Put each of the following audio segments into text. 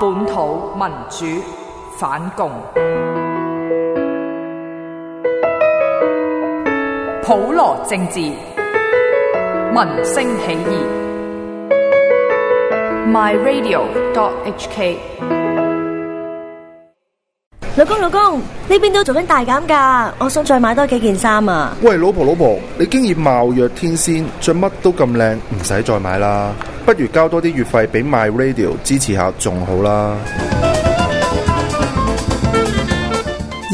本土民主反共，普羅政治，民生起義。MyRadio.HK。 老公，老公，老公，呢邊都做緊大減價，我想再買多幾件衫啊！喂，老婆，老婆，你依然貌若天仙，着乜都咁靚，唔使再買啦。不如交多啲月費俾 My Radio 支持下仲好啦。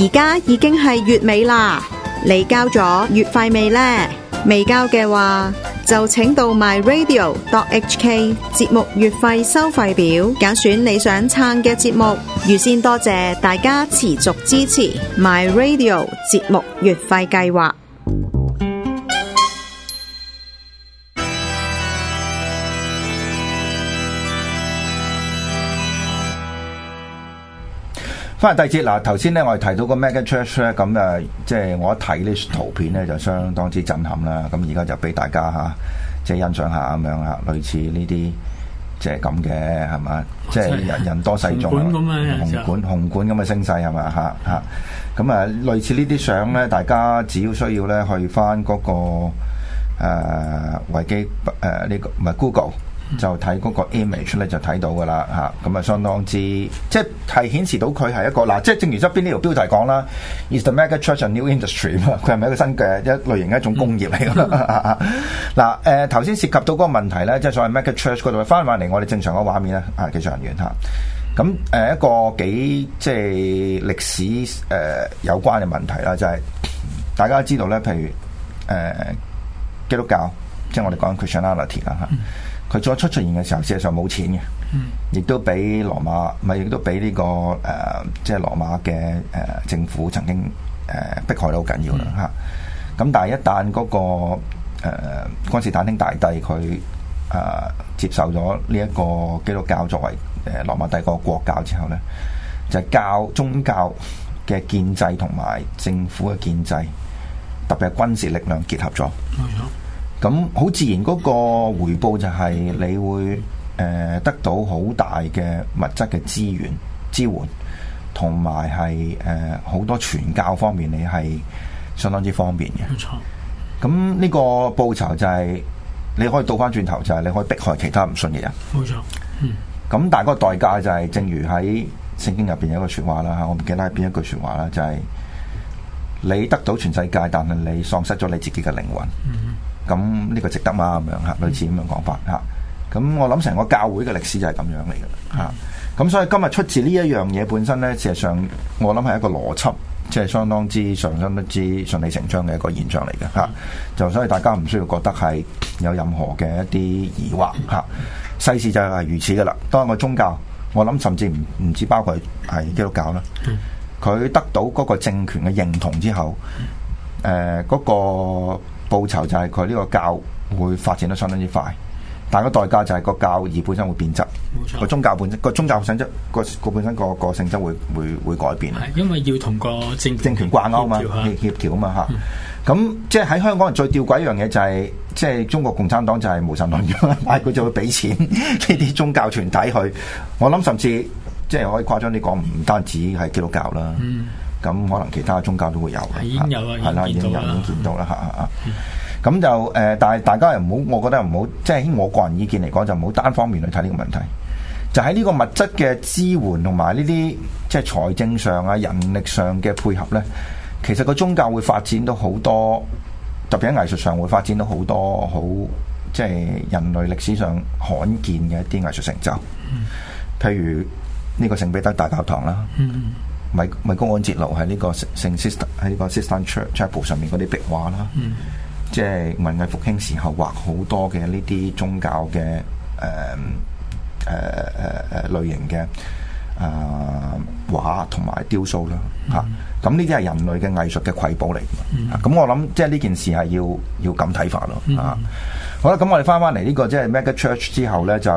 而家已經係月尾啦，你交咗月費未呢？未交嘅話，就請到 My Radio dot hk 節目月費收費表，揀選你想撐嘅節目。預先多謝大家持續支持 My Radio 節目月費計劃。翻嚟第二節，嗱頭先咧我哋提到個 Mega Church 咧、嗯，咁誒即係我一睇呢圖片咧就相當之震撼啦。咁而家就俾大家吓，即係欣賞下咁樣啊，類似呢啲即係咁嘅係嘛，即係人人多勢眾啊，紅館紅館咁嘅聲勢係嘛吓，嚇。咁、嗯、啊類似呢啲相咧，大家只要需要咧去翻、那、嗰個誒維、呃、基誒呢、呃這個唔係 Google。就睇嗰個 image 咧，就睇到噶啦嚇，咁啊相當之，即係顯示到佢係一個嗱、啊，即係正如側邊呢條標題講啦 Is the mega church a new industry 佢係咪一個新嘅一類型嘅一種工業嚟噶嗱，誒頭先涉及到嗰個問題咧，即係所謂 mega church 嗰度翻返嚟，我哋正常個畫面咧，啊技術人員嚇，咁、啊、誒一個幾即係歷史誒、呃、有關嘅問題啦，就係、是、大家知道咧，譬如誒、呃、基督教，即係我哋講 Christianity 啦、啊、嚇。啊啊啊啊佢再出出現嘅時候，事實上冇錢嘅，亦都俾羅馬，唔係亦都俾呢、這個誒，即、呃、係、就是、羅馬嘅誒、呃、政府曾經誒、呃、迫害得好緊要啦嚇。咁、嗯啊、但係一旦嗰、那個誒君士坦丁大帝佢誒、呃、接受咗呢一個基督教作為誒、呃、羅馬帝國國教之後咧，就係、是、教宗教嘅建制同埋政府嘅建制，特別係軍事力量結合咗。嗯。咁好自然，嗰、那個回報就係你會誒、呃、得到好大嘅物質嘅資源支援，同埋係誒好多傳教方面，你係相當之方便嘅。冇錯。咁呢個報酬就係你可以倒翻轉頭，就係你可以逼害其他唔信嘅人。冇錯。嗯。咁但係嗰個代價就係，正如喺聖經入邊有一個説話啦吓，我唔記得係邊一句説話啦，就係、是、你得到全世界，但係你喪失咗你自己嘅靈魂。嗯。咁呢個值得嘛？咁樣吓，類似咁樣講法吓。咁我諗成個教會嘅歷史就係咁樣嚟噶啦吓。咁所以今日出自呢一樣嘢本身呢，事實上我諗係一個邏輯，即、就、係、是、相當之上心、都知、順理成章嘅一個現象嚟嘅吓。嗯、就所以大家唔需要覺得係有任何嘅一啲疑惑吓。嗯、世事就係如此噶啦。當一個宗教，我諗甚至唔唔止包括係基督教啦，佢、嗯、得到嗰個政權嘅認同之後，誒、呃、嗰、嗰個。報酬就係佢呢個教會發展得相當之快，但係個代價就係個教義本身會變質，個宗教變質，個宗教本身個個性質會會會改變。因為要同個政權政權掛鈎嘛，協協調嘛吓。咁、嗯嗯、即係喺香港人最吊詭一樣嘢，就係、是，即係中國共產黨就係無神論噶，但係佢就會俾錢呢啲 宗教團體去。我諗甚至即係可以誇張啲講，唔單止係基督教啦。嗯咁可能其他宗教都會有嘅，係啦，已經有，已經見到啦。咁就誒、呃，但係大家又唔好，我覺得又唔好，即係我個人意見嚟講，就唔好單方面去睇呢個問題。就喺呢個物質嘅支援同埋呢啲即係財政上啊、人力上嘅配合呢，其實個宗教會發展到好多，特別喺藝術上會發展到好多好即係人類歷史上罕見嘅一啲藝術成就。譬如呢個聖彼得大教堂啦。嗯咪咪公安揭流喺呢個聖聖司喺呢個司徒 Chapel 上面嗰啲壁畫啦，嗯、即係文藝復興時候畫好多嘅呢啲宗教嘅誒誒誒誒類型嘅啊、呃、畫同埋雕塑啦嚇，咁呢啲係人類嘅藝術嘅瑰寶嚟，咁、嗯啊、我諗即係呢件事係要要咁睇法咯嚇。好啦，咁、啊嗯、我哋翻翻嚟呢個即係、就是、Mega Church 之後咧就。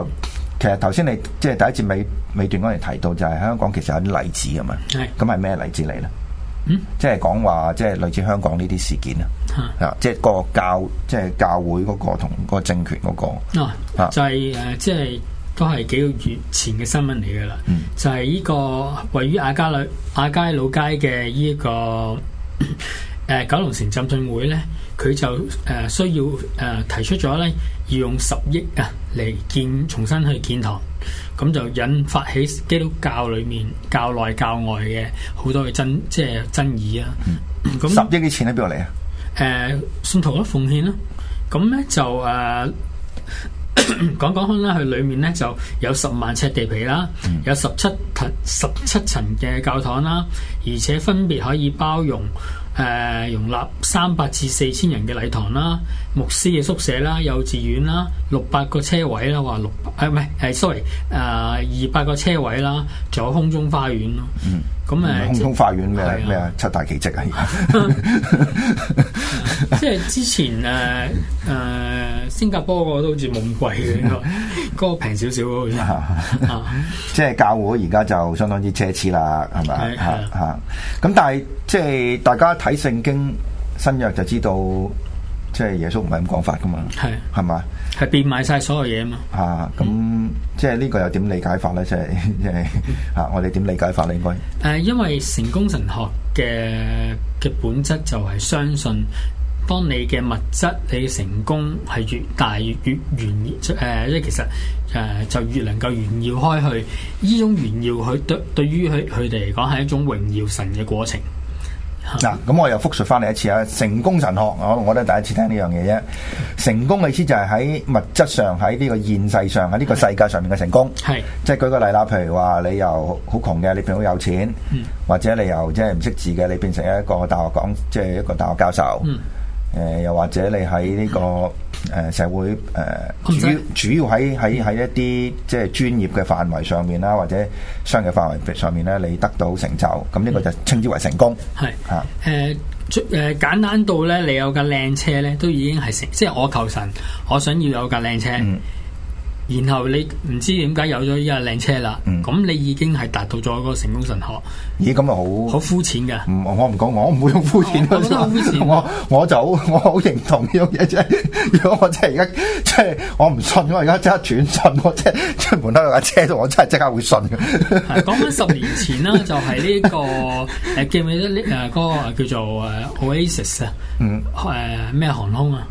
其實頭先你即係第一節尾尾段嗰度提到，就係香港其實有啲例子咁啊，係咁係咩例子嚟咧？嗯，即係講話即係類似香港呢啲事件啊，啊是，即係個教即係教會嗰個同個政權嗰個啊，就係、是、誒，即、呃、係、就是、都係幾個月前嘅新聞嚟噶啦，嗯、就係呢個位於亞加里亞街老街嘅、這個呃、呢個誒九龍城浸信會咧，佢就誒、呃、需要誒、呃、提出咗咧。要用十億啊嚟建重新去建堂，咁就引發起基督教裏面教內教外嘅好多嘅爭，即係爭議啊！咁、嗯、那十億嘅錢喺邊度嚟啊？誒、呃，信徒咧奉獻啦、啊，咁咧就誒講講開啦，佢、呃、 裏面咧就有十萬尺地皮啦，嗯、有十七層十七層嘅教堂啦，而且分別可以包容。誒、呃、容納三百至四千人嘅禮堂啦，牧師嘅宿舍啦，幼稚園啦，六百個車位啦，話六百，誒唔係係 sorry，誒二百個車位啦，仲有空中花園咯。嗯。咁啊！空中花園咩咩啊？七大奇迹啊！ 即 係樂、嗯、之前誒誒、啊，新加坡嗰個都好似冇咁貴嘅，嗰、嗰個平少少即係教會而家就相當之奢侈啦，係咪？吓咁 但係即係大家睇聖經新約就知道，即係耶穌唔係咁講法噶嘛？係係嘛？係變賣晒所有嘢啊嘛。啊咁、嗯嗯、即係呢個又點理解法咧？即係即係啊，我哋點理解法咧？應該誒，因為成功神學嘅嘅本質就係相信，當你嘅物質你嘅成功係越大越越炫誒，即係、呃、其實誒、呃、就越能夠炫耀開去。呢種炫耀佢對對於佢佢哋嚟講係一種榮耀神嘅過程。嗱，咁、 嗯、我又復述翻你一次啊！成功神學，我我覺得第一次聽呢樣嘢啫。成功嘅意思就係喺物質上、喺呢個現世上、喺呢個世界上面嘅成功。係，即係舉個例啦，譬如話你由好窮嘅你變好有錢，或者你由即係唔識字嘅你變成一個大學講師，即係一個大學教授。誒、呃，又或者你喺呢個。誒，社會誒，主主要喺喺喺一啲即係專業嘅範圍上面啦，或者商業範圍上面咧，你得到成就，咁呢個就稱之為成功。係嚇，誒誒簡單到咧，你有架靚車咧，都已經係成，即係我求神，我想要有架靚車。嗯然後你唔知點解有咗依架靚車啦，咁、嗯、你已經係達到咗個成功神學。咦，咁啊好，好膚淺噶唔，我唔講，我唔會用膚淺噶我我就我好認同呢樣嘢啫。如果我真係而家即係我唔信，我而家即刻轉信，我即係出門口到架車度，我真係即刻會信。係講緊十年前啦，就係、是、呢、這個誒 記唔記得呢？誒，嗰個叫做誒 Oasis 啊，嗯，誒咩、呃、航空啊。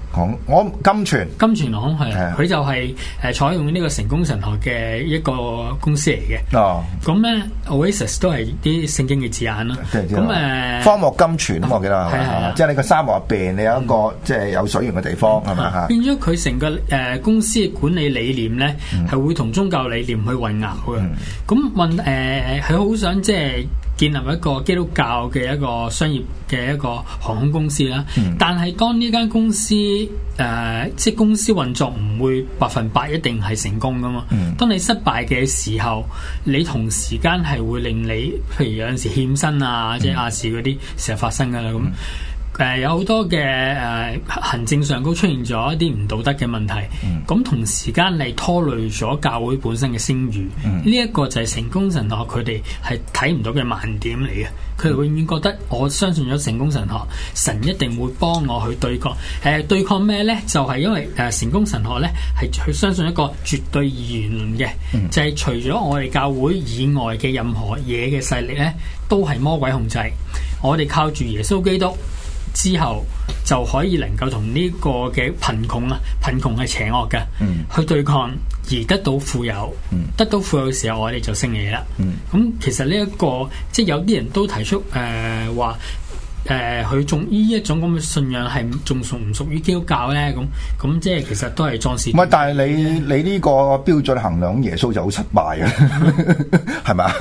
我金泉，金泉廊係，佢就係誒採用呢個成功神學嘅一個公司嚟嘅。哦，咁咧，Oasis 都係啲聖經嘅字眼咯。咁誒，荒漠金泉啊，我記得係嘛？即係你個沙漠入邊，你有一個即係有水源嘅地方係嘛。變咗佢成個誒公司嘅管理理念咧，係會同宗教理念去混淆嘅。咁問誒，佢好想即係。建立一個基督教嘅一個商業嘅一個航空公司啦，嗯、但係當呢間公司誒、呃，即係公司運作唔會百分百一定係成功㗎嘛。嗯、當你失敗嘅時候，你同時間係會令你，譬如有陣時欠薪啊，即係亞視嗰啲成日發生㗎喇咁。嗯誒、呃，有好多嘅誒、呃，行政上都出現咗一啲唔道德嘅問題，咁、嗯、同時間嚟拖累咗教會本身嘅聲譽。呢一、嗯、個就係成功神學佢哋係睇唔到嘅盲點嚟嘅。佢哋永遠覺得我相信咗成功神學，神一定會幫我去對抗。誒、呃，對抗咩呢？就係、是、因為誒、呃，成功神學呢係去相信一個絕對二元論嘅，嗯、就係除咗我哋教會以外嘅任何嘢嘅勢力呢，都係魔鬼控制。我哋靠住耶穌基督。之後就可以能夠同呢個嘅貧窮啊，貧窮係邪惡嘅，嗯、去對抗而得到富有，嗯、得到富有嘅時候我哋就勝利啦。咁、嗯、其實呢、這、一個即係、就是、有啲人都提出誒話，誒佢仲呢一種咁嘅信仰係仲屬唔屬於基督教咧？咁咁即係其實都係裝飾。唔係，但係你你呢個標準衡量耶穌就好失敗啊，係 咪 吧？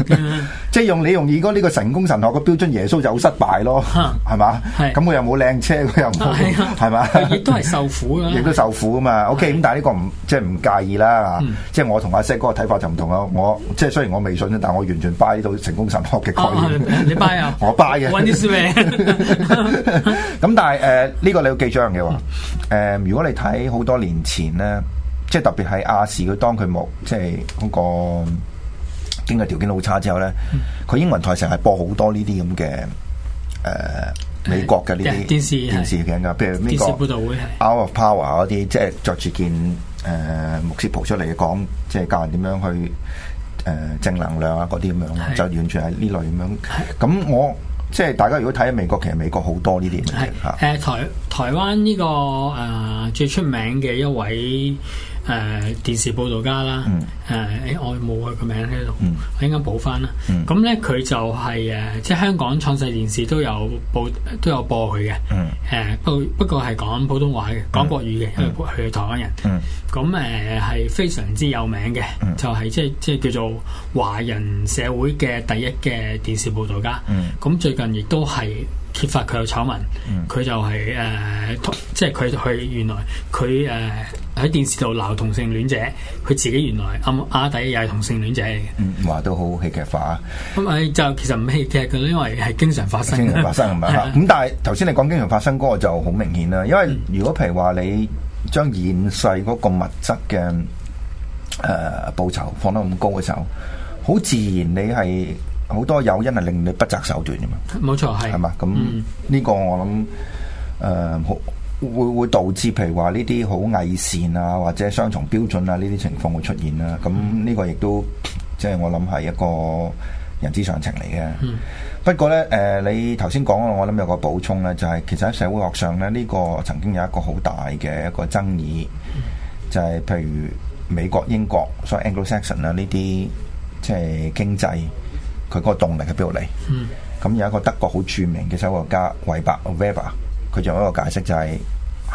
即係用你用而哥呢個成功神學嘅標準，耶穌就好失敗咯，係嘛？咁佢又冇靚車，又冇係嘛？亦都係受苦啊，亦都受苦啊嘛。OK，咁但係呢個唔即係唔介意啦。即係我同阿 s 哥嘅睇法就唔同啊。我即係雖然我未信啦，但我完全拜呢 y 成功神學嘅概念。你拜啊？我拜 u y 嘅。揾啲書咁但係誒呢個你要記章嘅話，誒如果你睇好多年前咧，即係特別係亞士佢當佢冇，即係嗰個。經濟條件好差之後咧，佢、嗯、英文台成日播好多呢啲咁嘅誒美國嘅呢啲電視電視劇嘅，譬如美國《Hour of Power》嗰啲的、呃，即係着住件誒牧師袍出嚟講，即係教人點樣去誒、呃、正能量啊，嗰啲咁樣，的就完全係呢類咁樣。咁的我即係大家如果睇美國，其實美國好多呢啲嘢吓。誒台。台灣呢、這個誒、呃、最出名嘅一位誒、呃、電視佈道家啦，誒我冇佢個名喺度，我應該、mm. 補返啦。咁咧佢就係、是、誒，即係香港創世電視都有報都有播佢嘅，誒不、mm. 嗯、不過係講普通話嘅，講國語嘅，mm. 因為佢係台灣人。咁誒係非常之有名嘅，就係、是、即係即係叫做華人社會嘅第一嘅電視佈道家。咁、mm. 嗯、最近亦都係。揭發佢有醜聞，佢就係誒同，即係佢佢原來佢誒喺電視度鬧同性戀者，佢自己原來暗啞底又係同性戀者嘅。嗯，話都好戲劇化咁誒、嗯、就其實唔戲劇嘅，因為係經常發生。經常發生係咪？咁但係頭先你講經常發生嗰個就好明顯啦。因為如果譬如話你將現世嗰個物質嘅誒、呃、報酬放得咁高嘅時候，好自然你係。好多誘因係令你不擇手段嘅嘛，冇錯係，係嘛，咁呢個我諗誒、呃，會會導致譬如話呢啲好偽善啊，或者雙重標準啊呢啲情況會出現啦、啊。咁呢個亦都即係、就是、我諗係一個人之常情嚟嘅。嗯、不過呢、誒、呃，你頭先講我諗有個補充呢、啊，就係、是、其實喺社會學上呢、呢、這個曾經有一個好大嘅一個爭議，嗯、就係譬如美國、英國所謂 Anglo-Saxon 啊呢啲即、就、係、是、經濟。佢嗰個動力喺邊度嚟？咁、嗯嗯、有一個德國好著名嘅社會學家韋伯 （Weber），佢仲有一個解釋就係、是、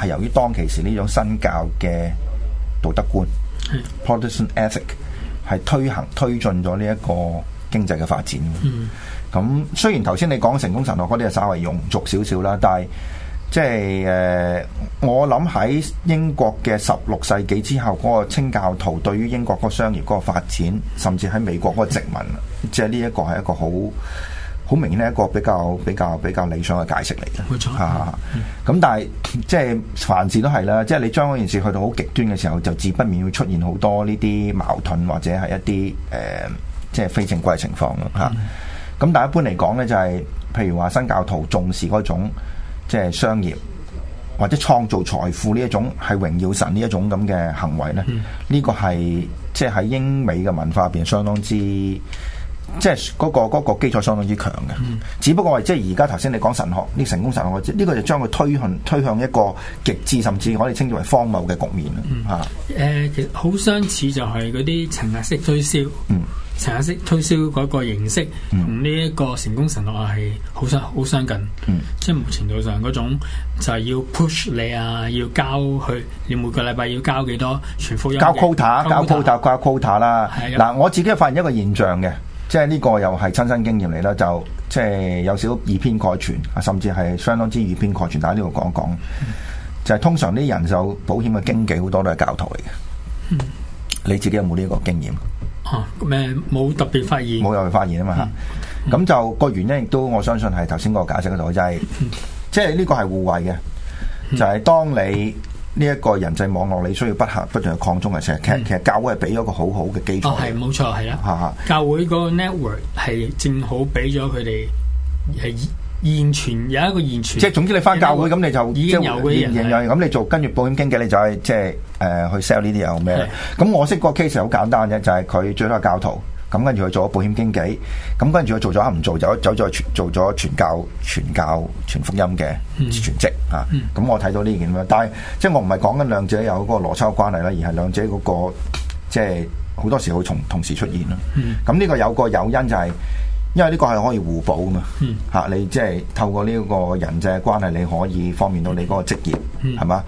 係由於當其時呢種新教嘅道德觀、嗯、（Protestant ethic） 係推行推進咗呢一個經濟嘅發展。咁、嗯嗯、雖然頭先你講成功神學嗰啲係稍為庸俗少少啦，但係即係誒，我諗喺英國嘅十六世紀之後嗰、那個清教徒對於英國嗰商業嗰個發展，甚至喺美國嗰個殖民。嗯即係呢一個係一個好好明顯一個比較比較比較理想嘅解釋嚟嘅，冇錯啊，咁、嗯、但係即係凡事都係啦，即係你將嗰件事去到好極端嘅時候，就自不免會出現好多呢啲矛盾或者係一啲誒、呃、即係非正規嘅情況咯，咁、啊嗯、但係一般嚟講呢，就係、是、譬如話新教徒重視嗰種即係商業或者創造財富呢一種係榮耀神呢一種咁嘅行為咧，呢、嗯嗯呢個係即係喺英美嘅文化入邊相當之。即係嗰個基礎相當之強嘅，只不過係即係而家頭先你講神學呢成功神學，呢個就將佢推向推向一個極致，甚至我哋稱之為荒謬嘅局面啦。嚇，誒，其實好相似就係嗰啲層壓式推銷，層壓式推銷嗰個形式，同呢一個成功神學係好相好相近，即係某程度上嗰種就係要 push 你啊，要交去你每個禮拜要交幾多傳福音嘅，交 quota，交 quota 掛 quota 啦。嗱，我自己發現一個現象嘅。即係呢個又係親身經驗嚟啦，就即係有少少以偏概全啊，甚至係相當之以偏概全，但喺呢度講一講。嗯、就係通常啲人壽保險嘅經紀好多都係教徒嚟嘅。嗯、你自己有冇呢一個經驗？哦、啊，冇特別發現。冇有發現啊嘛？咁、嗯、就個、嗯、原因亦都我相信係頭先嗰個解釋嗰度，就係即係呢個係互惠嘅，就係、是、當你。嗯嗯嗯呢一個人際網絡，你需要不刻不斷去擴充嘅，成其實其實教會係俾咗個好好嘅基礎。哦，係冇錯，係啦。教會嗰個 network 係正好俾咗佢哋係現存有一個現存。即係總之你返教會咁你就已經有嗰啲人。咁的你做，跟住保險經紀你就係即係誒去 sell 呢啲嘢咩？咁的我識個 case 好簡單啫，就係、是、佢最多係教徒。咁跟住佢做咗保險經紀，咁跟住佢做咗啱唔做，走走咗做咗傳教、傳教、傳福音嘅全職、嗯嗯、啊。咁我睇到呢件啦，但係即係我唔係講緊兩者有嗰個邏輯關係啦，而係兩者嗰、那個即係好多時候會同同時出現咯。咁呢、嗯、個有個有因就係、是，因為呢個係可以互補噶嘛。嚇、嗯啊，你即係透過呢個人際關係，你可以方便到你嗰個職業，係嘛、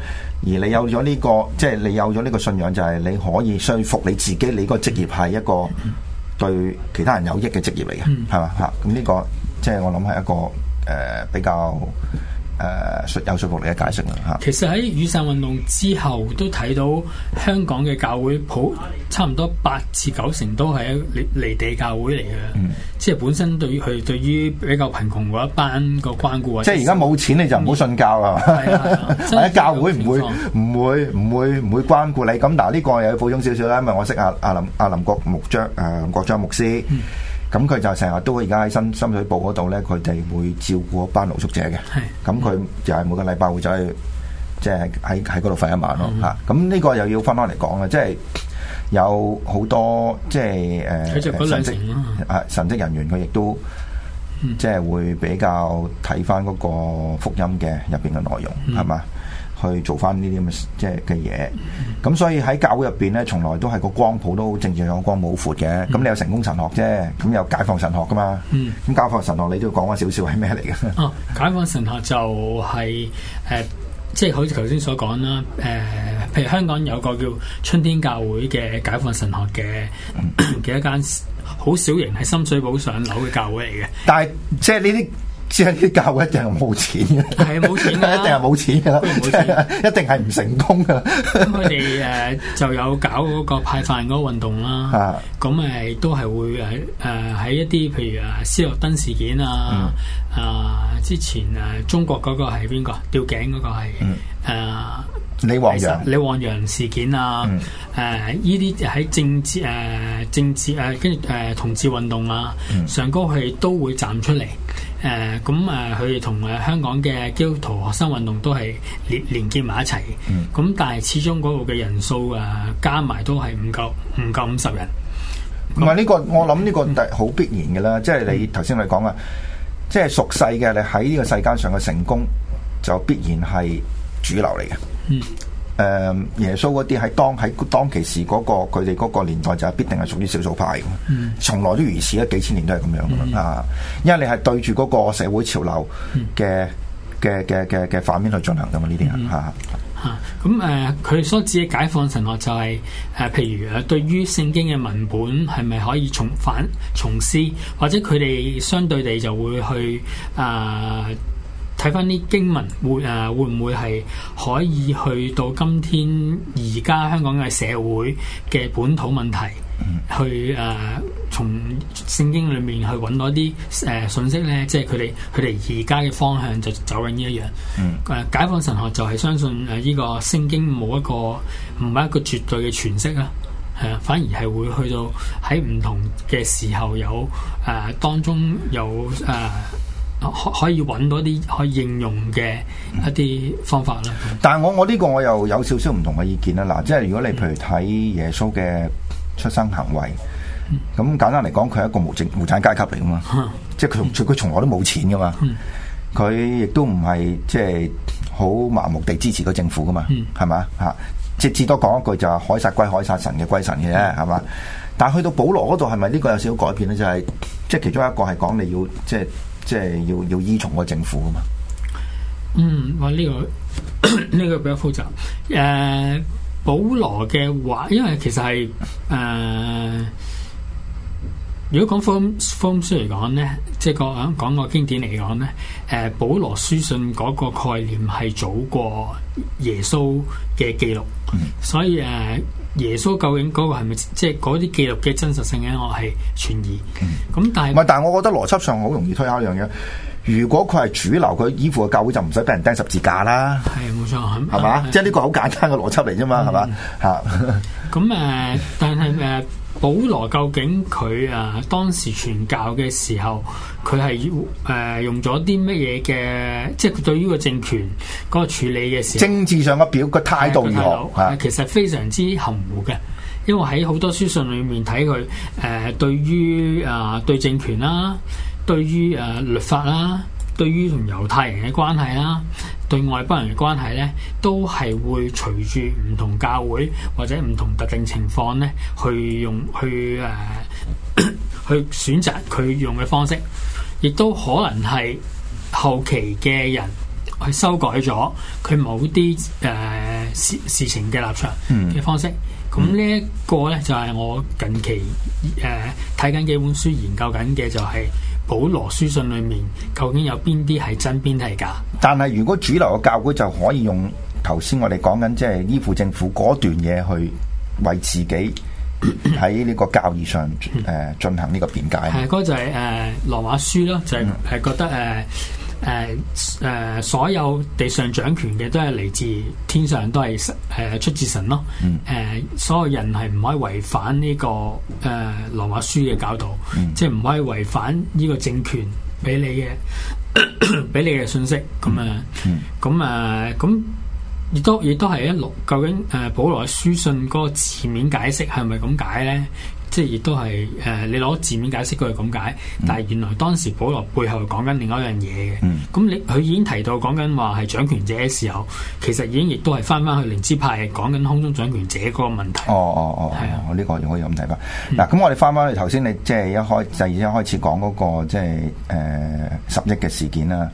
嗯？而你有咗呢、這個，即係你有咗呢個信仰，就係你可以說服你自己，你個職業係一個。嗯嗯嗯對其他人有益嘅職業嚟嘅，嗯，係嘛吓？咁呢個即係我諗係一個誒、呃、比較。誒，有說服你嘅解釋啦，吓。其實喺雨傘運動之後，都睇到香港嘅教會普差唔多八至九成都係一離離地教會嚟嘅，嗯、即係本身對於佢對於比較貧窮嗰一班個關顧啊。即係而家冇錢你就唔好信教啦，或者、嗯、 教會唔會唔、嗯、會唔會唔會，會關顧你。咁嗱，呢個又要補充少少啦，因為我識阿阿林阿林國木章誒林國章牧師。嗯咁佢就成日都而家喺深深水埗嗰度咧，佢哋會照顧一班露宿者嘅。咁佢是就係每個禮拜會走去，即係喺喺嗰度瞓一晚咯嚇。咁呢是是個又要分開嚟講啦，即係有好多即係誒、呃、神職跡啊神職人員佢亦都、嗯、即係會比較睇翻嗰個福音嘅入邊嘅內容係嘛？嗯去做翻呢啲咁嘅即係嘅嘢，咁、嗯、所以喺教會入邊咧，從來都係個光譜都正正光有光冇闊嘅。咁、嗯、你有成功神學啫，咁有解放神學噶嘛？咁、嗯、解放神學你都要講翻少少係咩嚟嘅？解放神學就係、是、誒、呃，即係好似頭先所講啦。誒、呃，譬如香港有個叫春天教會嘅解放神學嘅嘅、嗯、 一間好小型喺深水埗上樓嘅教會嚟嘅。但係即係呢啲。即係啲教嘅一定係冇錢嘅，係冇錢啦，一定係冇錢噶啦，一定係唔成功噶啦。咁佢哋誒就有搞嗰個派飯嗰個運動啦。咁誒、啊、都係會誒誒喺一啲譬如啊斯諾登事件、嗯、啊啊之前啊中國嗰個係邊個吊頸嗰個係誒李旺陽李旺陽事件、嗯、啊誒呢啲喺政治誒、啊、政治誒跟住誒同志運動啊、嗯、上高係都會站出嚟。誒，咁啊、呃，佢同誒香港嘅基督徒學生運動都係連連結埋一齊咁、嗯、但係始終嗰度嘅人數啊，加埋都係唔夠，唔夠五十人。同埋呢個，我諗呢個問題好必然嘅啦。嗯、即係你頭先咪講啊，即係屬世嘅，你喺呢個世界上嘅成功就必然係主流嚟嘅。嗯。誒，uh, 耶穌嗰啲喺當喺當其時嗰、嗰個佢哋嗰個年代就必定係屬於少數派嘅，從來都如此啦，幾千年都係咁樣啊，因為你係對住嗰個社會潮流嘅嘅嘅嘅嘅反面去進行噶嘛，呢啲人吓吓。咁、啊、誒，佢所指嘅解放神學就係、係、誒，譬、啊、如誒、啊，對於聖經嘅文本係咪可以重返、重思，或者佢哋相對地就會去誒。啊睇翻啲經文，會誒、呃、會唔會係可以去到今天而家香港嘅社會嘅本土問題，嗯、去誒、呃、從聖經裏面去揾到啲誒信息咧？即係佢哋佢哋而家嘅方向就走緊呢一樣。誒、嗯呃、解放神學就係相信誒依、呃這個聖經冇一個唔係一個絕對嘅詮釋啊，係、呃、啊，反而係會去到喺唔同嘅時候有誒、呃、當中有誒。呃呃可以揾到啲可以應用嘅一啲方法啦。但係我我呢個我又有少少唔同嘅意見啦。嗱，即係如果你譬如睇耶穌嘅出生行為，咁簡單嚟講，佢係一個無政無產階級嚟噶嘛，即係佢佢從來都冇錢噶嘛。佢亦都唔係即係好盲目地支持個政府噶嘛，係咪？嚇，即至多講一句就係凱撒歸凱撒，神嘅歸神嘅啫，係嘛？但係去到保羅嗰度係咪呢個有少少改變咧？就係即係其中一個係講你要即係。即係要要依從個政府㗎嘛？嗯，我呢、這個呢、 這個比較複雜。誒、呃，保羅嘅話，因為其實係誒、呃，如果講從書嚟講咧，即係講講個經典嚟講咧，誒、呃，保羅書信嗰個概念係早過耶穌嘅記錄，嗯、所以誒。呃耶穌究竟嗰個係咪即係嗰啲記錄嘅真實性咧？我係存疑。咁但係唔係？但係我覺得邏輯上好容易推敲一樣嘢。如果佢係主流，佢依附嘅教會就唔使俾人釘十字架啦。係冇錯，係嘛吧？啊、即係呢個好簡單嘅邏輯嚟啫嘛，係嘛、嗯？嚇咁誒，但係誒。呃保羅究竟佢啊，當時傳教嘅時候，佢係要誒用咗啲乜嘢嘅，即係對於個政權嗰個處理嘅時候，政治上嘅表個態、啊、度如何，啊、其實非常之含糊嘅，因為喺好多書信裏面睇佢誒，對於啊對政權啦，對於誒律法啦、啊。對於同猶太人嘅關係啦，對外邦人嘅關係咧，都係會隨住唔同教會或者唔同特定情況咧，去用去誒、呃、 去選擇佢用嘅方式，亦都可能係後期嘅人去修改咗佢某啲誒事事情嘅立場嘅方式。咁、嗯、呢一個咧就係、是、我近期誒睇緊幾本書研究緊嘅就係、是。保羅書信裏面究竟有邊啲係真邊係假？但係如果主流嘅教會就可以用頭先我哋講緊即係依附政府嗰段嘢，去為自己喺呢個教義上誒進、 呃、行呢個辯解。係，嗰 就係誒羅馬書咯，就係、係、覺得誒。 呃誒誒、呃，所有地上掌權嘅都係嚟自天上，都係誒、呃、出自神咯。誒、嗯呃，所有人係唔可以違反呢、這個誒羅、呃、馬書嘅教導，嗯、即係唔可以違反呢個政權俾你嘅俾 你嘅信息。咁啊，咁啊、嗯，咁、嗯呃、亦都亦都係一六。究竟誒、呃、保羅書信嗰個字面解釋係咪咁解咧？即係亦都係誒、呃，你攞字面解釋佢係咁解，但係原來當時保羅背後係講緊另一樣嘢嘅。咁、嗯、你佢已經提到講緊話係掌權者嘅時候，其實已經亦都係翻翻去靈知派講緊空中掌權者嗰個問題。哦哦哦，係、哦哦、啊，我呢、哦這個可以有咁睇法。嗱、嗯，咁我哋翻翻去頭先，你即係一開第二一開始講嗰、就是那個即係誒十億嘅事件啦。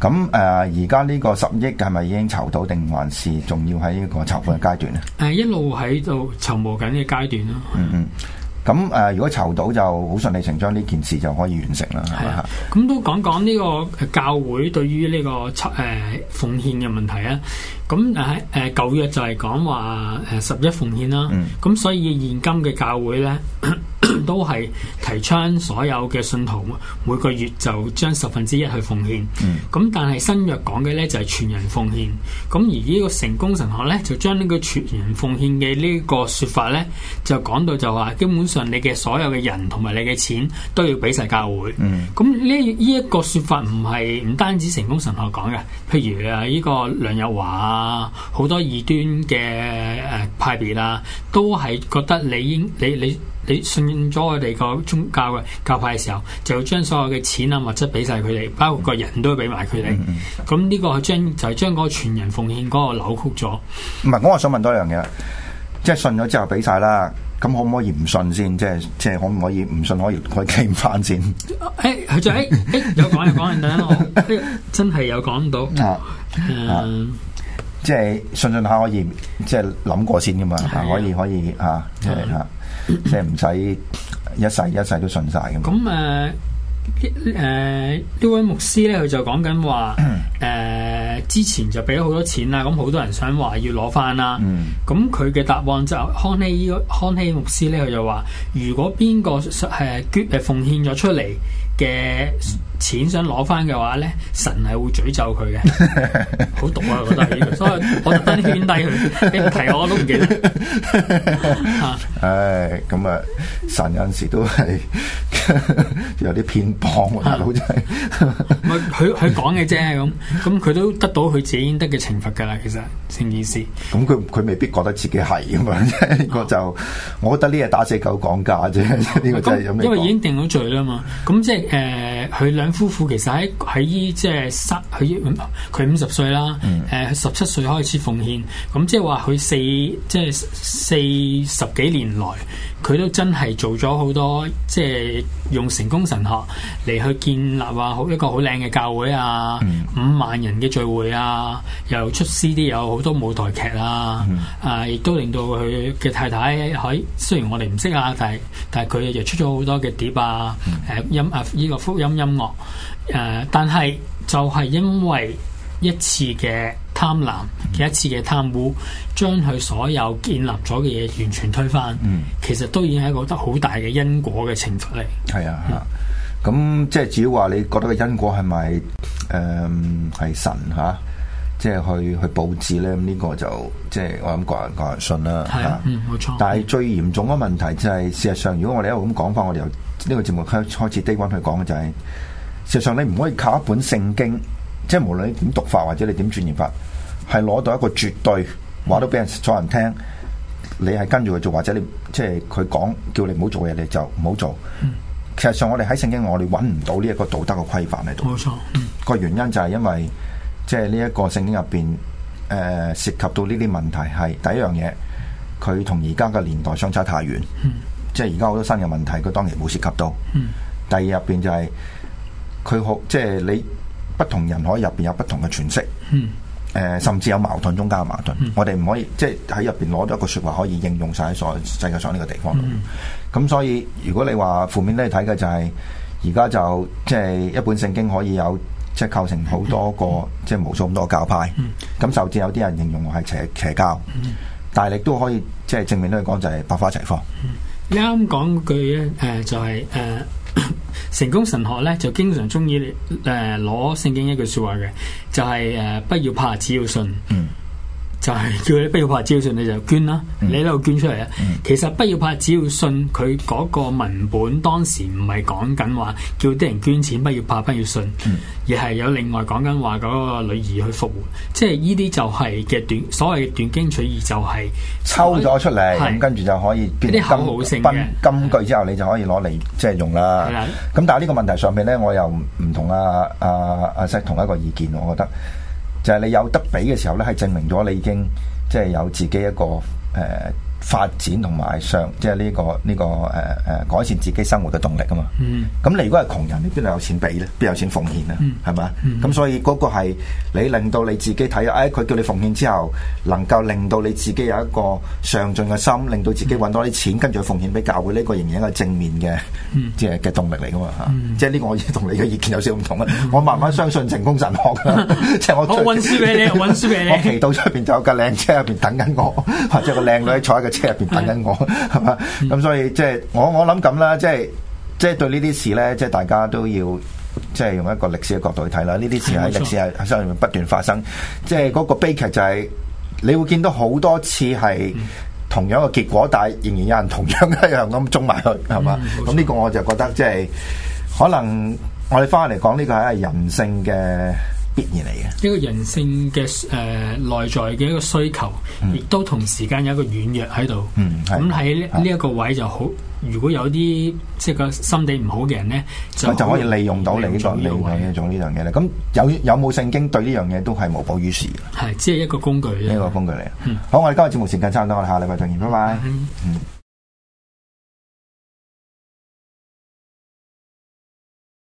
咁誒、嗯，而家呢個十億係咪已經籌到，定還是仲要喺呢個籌款嘅階段咧？誒、嗯啊啊，一路喺度籌募緊嘅階段咯、嗯。嗯嗯。咁誒，如果籌到就好順理成章，呢件事就可以完成啦，係嘛？咁都講講呢個教會對於呢個出奉獻嘅問題啊。咁誒誒，舊約就係講話誒十一奉獻啦。咁、嗯、所以現今嘅教會咧， 都係提倡所有嘅信徒每個月就將十分之一去奉獻。咁、嗯、但係新約講嘅呢，就係、是、全人奉獻。咁而呢個成功神學呢，就將呢個全人奉獻嘅呢個説法呢，就講到就話，基本上你嘅所有嘅人同埋你嘅錢都要俾曬教會。咁呢呢一個説法唔係唔單止成功神學講嘅，譬如啊呢、這個梁有華啊，好多異端嘅誒、呃、派別啊，都係覺得你應你你。你你你你信咗佢哋個宗教嘅教派嘅時候，就將所有嘅錢啊物質俾晒佢哋，包括個人都俾埋佢哋。咁呢、嗯嗯、個係將就係將個全人奉獻嗰個扭曲咗。唔係，我話想問多一樣嘢，即係信咗之後俾晒啦，咁可唔可以唔信先？即係即係可唔可以唔信可以改傾翻先？誒、 哎，係最誒誒，有講有講嘅、哎，真係有講到。即係信信下可以，即係諗過先噶嘛？可以可以,可以啊，即 即係唔使一世一世都信晒咁。咁誒，誒、呃、呢位牧師咧，佢就講緊話，誒、呃、之前就俾咗好多錢啦，咁好多人想話要攞翻啦。嗯，咁佢嘅答案就康希康希牧師咧，佢就話，如果邊個誒捐誒奉獻咗出嚟嘅。錢想攞翻嘅話咧，神係會詛咒佢嘅，好 毒啊！我覺得，所以我特登圈低佢。你唔提我，我都唔記得。唉、 哎，咁、嗯、啊，神有陣時都係 有啲偏幫大佬真係。佢佢講嘅啫，咁咁佢都得到佢自己應得嘅懲罰㗎啦。其實正意思。咁佢佢未必覺得自己係㗎嘛？呢個就、啊、我覺得呢係打死狗講價啫。呢、這個真係、嗯、因， 因為已經定咗罪啦嘛。咁即係誒，佢兩。夫婦其實喺喺依即係失，佢五十歲啦。佢、呃、十七歲開始奉獻，咁即係話佢四即係四十幾年來。佢都真係做咗好多，即係用成功神學嚟去建立話好一個好靚嘅教會啊，mm hmm. 五萬人嘅聚會啊，又出 CD，有好多舞台劇啊，mm hmm. 啊，亦都令到佢嘅太太喺，雖然我哋唔識啊，但係但係佢又出咗好多嘅碟啊，誒、mm hmm. 啊、音啊呢、呢個福音音樂，誒、啊，但係就係因為一次嘅。貪婪嘅一次嘅貪污，將佢所有建立咗嘅嘢完全推翻，嗯、其實都已經係一個得好大嘅因果嘅懲罰嚟。係啊，咁、嗯啊、即係主要話你覺得個因果係咪誒係神吓、啊，即係去去佈置咧？呢個就即係我諗各人各人信啦。係啊，冇錯、啊。嗯、但係最嚴重嘅問題就係、是，事實上如果我哋一路咁講翻，我哋由呢個節目開開始低溫去講嘅就係、是，事實上你唔可以靠一本聖經，即係無論你點讀法或者你點鑽研法。係攞到一個絕對話都俾人所有人聽，你係跟住佢做，或者你即係佢講叫你唔好做嘢，你就唔好做。嗯、其實上我哋喺聖經，我哋搵唔到呢一個道德嘅規範喺度。冇錯，個、嗯、原因就係因為即係呢一個聖經入邊誒涉及到呢啲問題係第一樣嘢，佢同而家嘅年代相差太遠。即係而家好多新嘅問題，佢當然冇涉及到。嗯、第二入邊就係、是、佢好即係、就是、你不同人海入邊有不同嘅詮釋。嗯嗯誒、呃，甚至有矛盾，中間嘅矛盾，嗯、我哋唔可以即係喺入邊攞到一個説話可以應用晒喺所世界上呢個地方咁、嗯、所以，如果你話負面啲睇嘅就係而家就即係一本聖經可以有即係構成好多個、嗯、即係無數咁多教派，咁甚至有啲人形容我係邪邪教，嗯、但係亦都可以即係正面啲講就係百花齊放。啱講、嗯、句咧、就係，誒就係誒。成功神學呢就經常中意誒、攞聖經一句說話嘅，就係、是、誒、呃、不要怕，只要信。嗯就係叫你不要怕，只要信你就捐啦。你喺度捐出嚟咧，嗯、其實不要怕，只要信佢嗰個文本，當時唔係講緊話叫啲人捐錢，不要怕，不要信，嗯、而係有另外講緊話嗰個女兒去復活。即係呢啲就係嘅斷所謂嘅斷章取義、就是，就係抽咗出嚟，咁是跟住就可以變成啲口號性嘅金，金句之後，你就可以攞嚟即係用啦。咁的但係呢個問題上面咧，我又唔同阿阿阿 Zeke 同一個意見，我覺得。就係你有得比嘅時候咧，係證明咗你已經即係、就是、有自己一個誒。呃發展同埋上，即係呢、這個呢、這個誒誒、呃、改善自己生活嘅動力啊嘛。咁、mm. 你如果係窮人，你邊度有錢俾咧？邊有錢奉獻咧？係咪？咁所以嗰個係你令到你自己睇下，佢、哎、叫你奉獻之後，能夠令到你自己有一個上進嘅心，令到自己揾多啲錢，跟住奉獻俾教會，呢、這個仍然一個正面嘅即係嘅動力嚟噶嘛，即係呢個我同你嘅意見有少少唔同啊。我慢慢相信成功神學啊，即 係我。 我揾書俾你，書俾你。我祈禱出邊就有架靚車入邊等緊我，或者個靚女坐喺個。 車入邊等緊我，係嘛的？咁所以即係、就是、我我諗咁啦，即係即係對呢啲事咧，即、就、係、是、大家都要即係、就是、用一個歷史嘅角度去睇啦。呢啲事喺歷的史係相錯面不斷發生，即係嗰個悲劇就係、是、你會見到好多次係同樣嘅結果，嗯、但係仍然有人同樣一樣咁撞埋去，係嘛？咁呢、嗯、個我就覺得即係、就是、可能我哋翻嚟講呢個係人性嘅。必然嚟嘅，一個人性嘅誒內在嘅一個需求，亦都同時間有一個軟弱喺度。嗯，咁喺呢一個位就好，如果有啲即係個心地唔好嘅人咧，就就可以利用到你呢個利用呢樣嘢咧。咁有有冇聖經對呢樣嘢都係無補於事嘅？係，只係一個工具。呢個工具嚟。嗯，好，我哋今日節目時間差唔多，我哋下禮拜再見，拜拜。